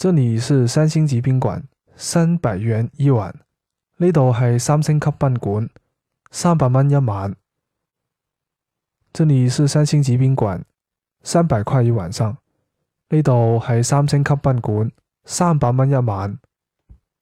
這裏是三星級賓館，三百元一晚。呢度係三星級賓館，三百蚊一晚。這裏是三星級賓館，三百塊一晚上。呢度係三星級賓館，三百蚊一晚。